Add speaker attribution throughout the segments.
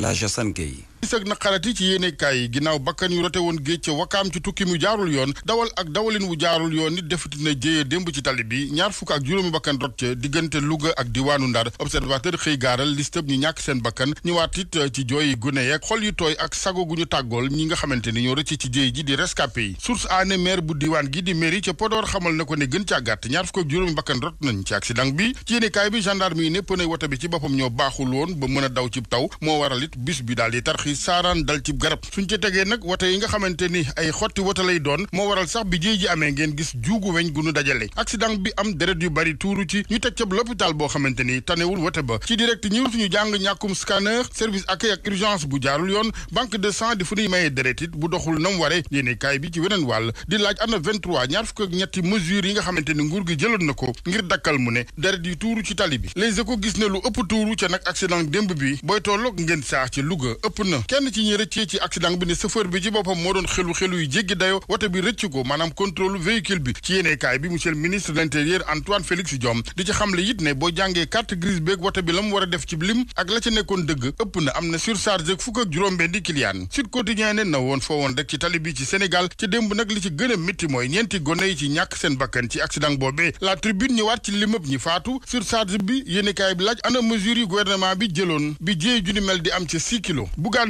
Speaker 1: El Hadj Assane Gueye tiis ak naqarati ci yéenekaay yi ginnaaw bakkan yu rote woon géej ca wakaam ci tukki mu jaarul yoon dawal ak dawalin wu jaarul yoon nit defati na jéye démb ci tali bi ñaar fukk ak juróomi bakkan rot diggante Louga ak diwaanu Ndar observateur xëy gaaral listab ñu ñàkk seen bakkan ñëwaat it uh, ci jooyi gune yeeg xol tooy ak sago gu ñi nga xamante ni ñoo rëcc ci jéy ji di rescapé yi source aané maire bu diwaan gi di mairie ca Podor xamal na ko ne gën caa ñaar fukk ak juróomi bakkan rot nañ ci accident bi ci yéenekaay bi gendarme yi ne pneu woto bi ci boppam ñoo baaxul ba mën a daw ci taw moo waral it bis bi daal di tarxiis saaraan dal ci garab suñ ci tegee nag wote yi nga xamante ni ay xotti wote lay doon moo waral sax bi jéey amee ngeen gis juugu weñ gunu dajale accident bi am deret yu bari tuuru ci ñu teg ca l'hôpital boo xamante ni tanewul wote ba ci direct ñëw suñu jàng ñàkkum scanner service accueil ak urgence bu jaarul yoon banque de sang di fu nuy mayee deret it bu doxul nam ware yéene kaay bi ci weneen wàll di laaj ana 23 ñaar fukk ak ñetti mesures yi nga xamante ni nguur gi jëloon na ko ngir dakkal mu ne deret yi tuuru ci tali bi les échos gis ne lu ëpp tuuru ca nag accident démb bi booy tolloog ngeen saax ci Louga ëpp na kenn ci ñi rëccee ci accident bi ne chauffeur bi ci boppam moo doon xelu xelu yu jéggi dayo woto bi rëcc ko maanaam contrôle véhicule bi ci yéenekaay bi monsieur le ministre de l'intérieur Antoine Félix Diome di ci xamle it ne boo jàngee carte grise woto bi la war a def ci lim ak la ca nekkoon dëgg ëpp na am na surcharge ak fukk ak juróom-benn di client Sud Quotidien ne na woon foo woon rek ci tali bi ci Sénégal ci démb nag li ci gën a mooy ñeenti gone yi ci ñàkk seen bakkan ci accident boobee la tribune ñëwaat ci limëb ñi faatu surcharge bi bi laaj ana mesure yi gouvernement jëloon bi jéey ju ni mel di am ci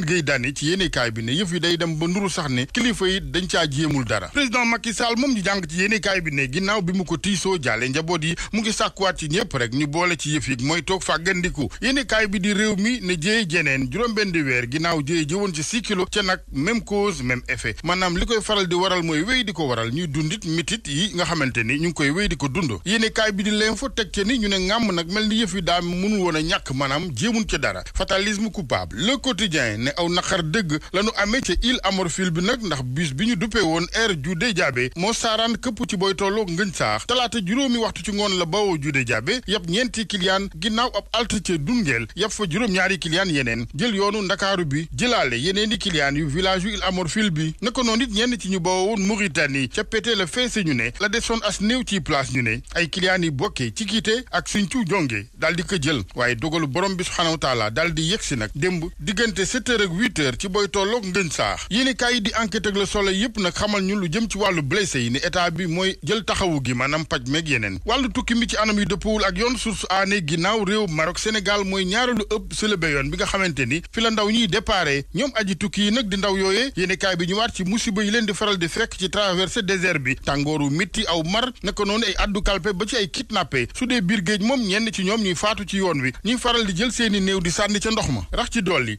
Speaker 1: Bougane Gueye ci yéenekaay bi ne yëf yi day dem ba nuru sax ne kilifa yi dañ caa jéemul dara président Macky Sall moom ñu jàng ci yéenekaay bi ne ginnaaw bi mu ko tiisoo jaale njaboot yi mu ngi sàkkuwaat ci ñëpp rek ñu boole ci yëf yi mooy toog fàggandiku yéenekaay bi di réew mi ne jéey jeneen juróom-benn di weer ginnaaw jéey jëwoon ci six kilo ca nag même cause même effet maanaam li koy faral di waral mooy wéy di ko waral ñuy dundit mitit yi nga xamante ni ñu ngi koy wéy di ko dund yéenekaay bi di l'info teg ni ñu ne ngàmm nag mel ni yëf yi daa mënul woon a ñàkk maanaam jéemun ca dara fatalisme coupable le quotidien ne aw naqar dëgg la nu amee ca île amorphile bi nag ndax bus bi ñu duppee woon air jude jaabe moo saaraan këpp ci boy tolloo ngëñ saax talaata juróomi waxtu ci ngoon la bawoo jude jaabe yab ñeenti kiliyaan ginnaaw ab alte ca dungeel yab fa juróom-ñaari kiliyaan yeneen jël yoonu ndakaaru bi jëlaale yeneeni kiliyaan yu village yu île amorphile bi naka noonu it ñenn ci ñu bawoo woon Mauritanie ca pété la feese ñu ne la desoon as néew ci place ñu ne ay kiliyaan yi bokkee ci kiite ak suñcu jonge daal di ko jël waaye dogalu borom bi subhaanahu wa taala daal di yegsi nag démb diggante heures ak huit heures ci boy tolloog ngëñ saax yéenekaay yi di enquête ak Le Soleil yépp nag xamal ñu lu jëm ci wàllu blessé yi ne état bi mooy jël taxawu gi maanaam paj meeg yeneen wàllu tukki mi ci anam yu dëppawul ak yoon source aané ginnaaw réew Maroc Sénégal mooy ñaareelu ëpp sëlëbe yoon bi nga xamante ni fi la ndaw ñuy déparé ñoom aji tukki yi nag di ndaw yooyee yéenekaay bi ñu waat ci musiba yi leen di faral di fekk ci traversé désert bi tàngooru mitti aw m naka noonu ay addu kalpe ba dee biir géej moom ñenn ci ñoom ñuy faatu ci yoon wi ñuy faral di jël seeni néew di sànni ca ndox ma rax ci dolli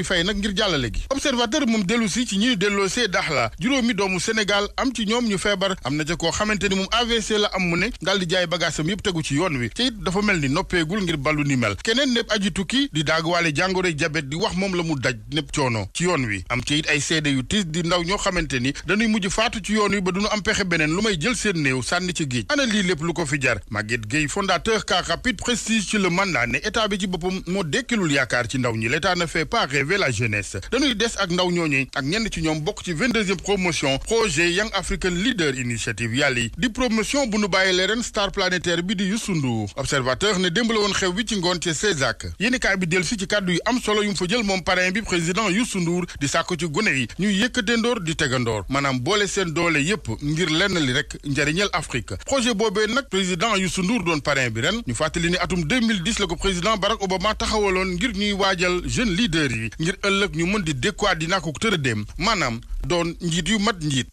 Speaker 1: muy fay nag ngir jàllale gi observateur moom dellu si ci ñuy delloo see dax la juróomi doomu Sénégal am ci ñoom ñu feebar am na ca koo xamante ni moom AVC la am mu ne daal di jaay bagaasam yëpp tegu ci yoon wi te it dafa mel ni noppeegul ngir balu ni mel keneen nepp aji tukki di daagwaale jàngoroy jabet di wax moom la mu daj nepp coono ci yoon wi am ca it ay seede yu tiis di ndaw ñoo xamante ni dañuy mujj faatu ci yoon wi ba duñu am pexe beneen lu may jël seen néew sànni ci géej ana lii lépp lu ko fi jar Maguette Gueye fondateur Car Rapide Prestige ci le mandat ne état bi ci boppam moo dekkilul yaakaar ci ndaw ñi l'état Relever la jeunesse des ak ndaw ñooñu ak ñenn ci ñoom bokk ci vingt-deuxième promotion projet Young African Leader Initiative yàlla di promotion bu nu bàyyilee ren star planétaire bi di Youssou Ndour observateur ne démb la woon xew bi ci ngoon ci Césac yéenekaay bi dellu si ci kàddu yi am solo yu mu fa jël moom parrain bi président Youssou Ndour di sàkk ci gune yi ñuy yëkkatee ndoor di tegandoor maanaam boole seen doole yépp ngir lenn li rek njariñal Afrique projet boobee nag président Youssou doon parrain bi ren ñu fàttali ni atum 2010 la ko président Barack Obama ngir ñuy waajal jeune leader yi ngir ëllëg ñu mën di dékkuwaat dinaa ko tërëdéem maanaam doon njiit yu mat njiit.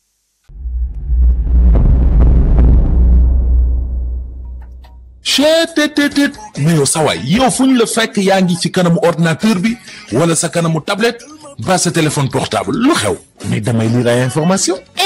Speaker 2: chetetetet mais yow sa waay yow fu ñu la fekk yaa ngi ci kanamu ordinateur bi wala sa kanamu tablette ba sa téléphone portable lu xew mais damay lire ay information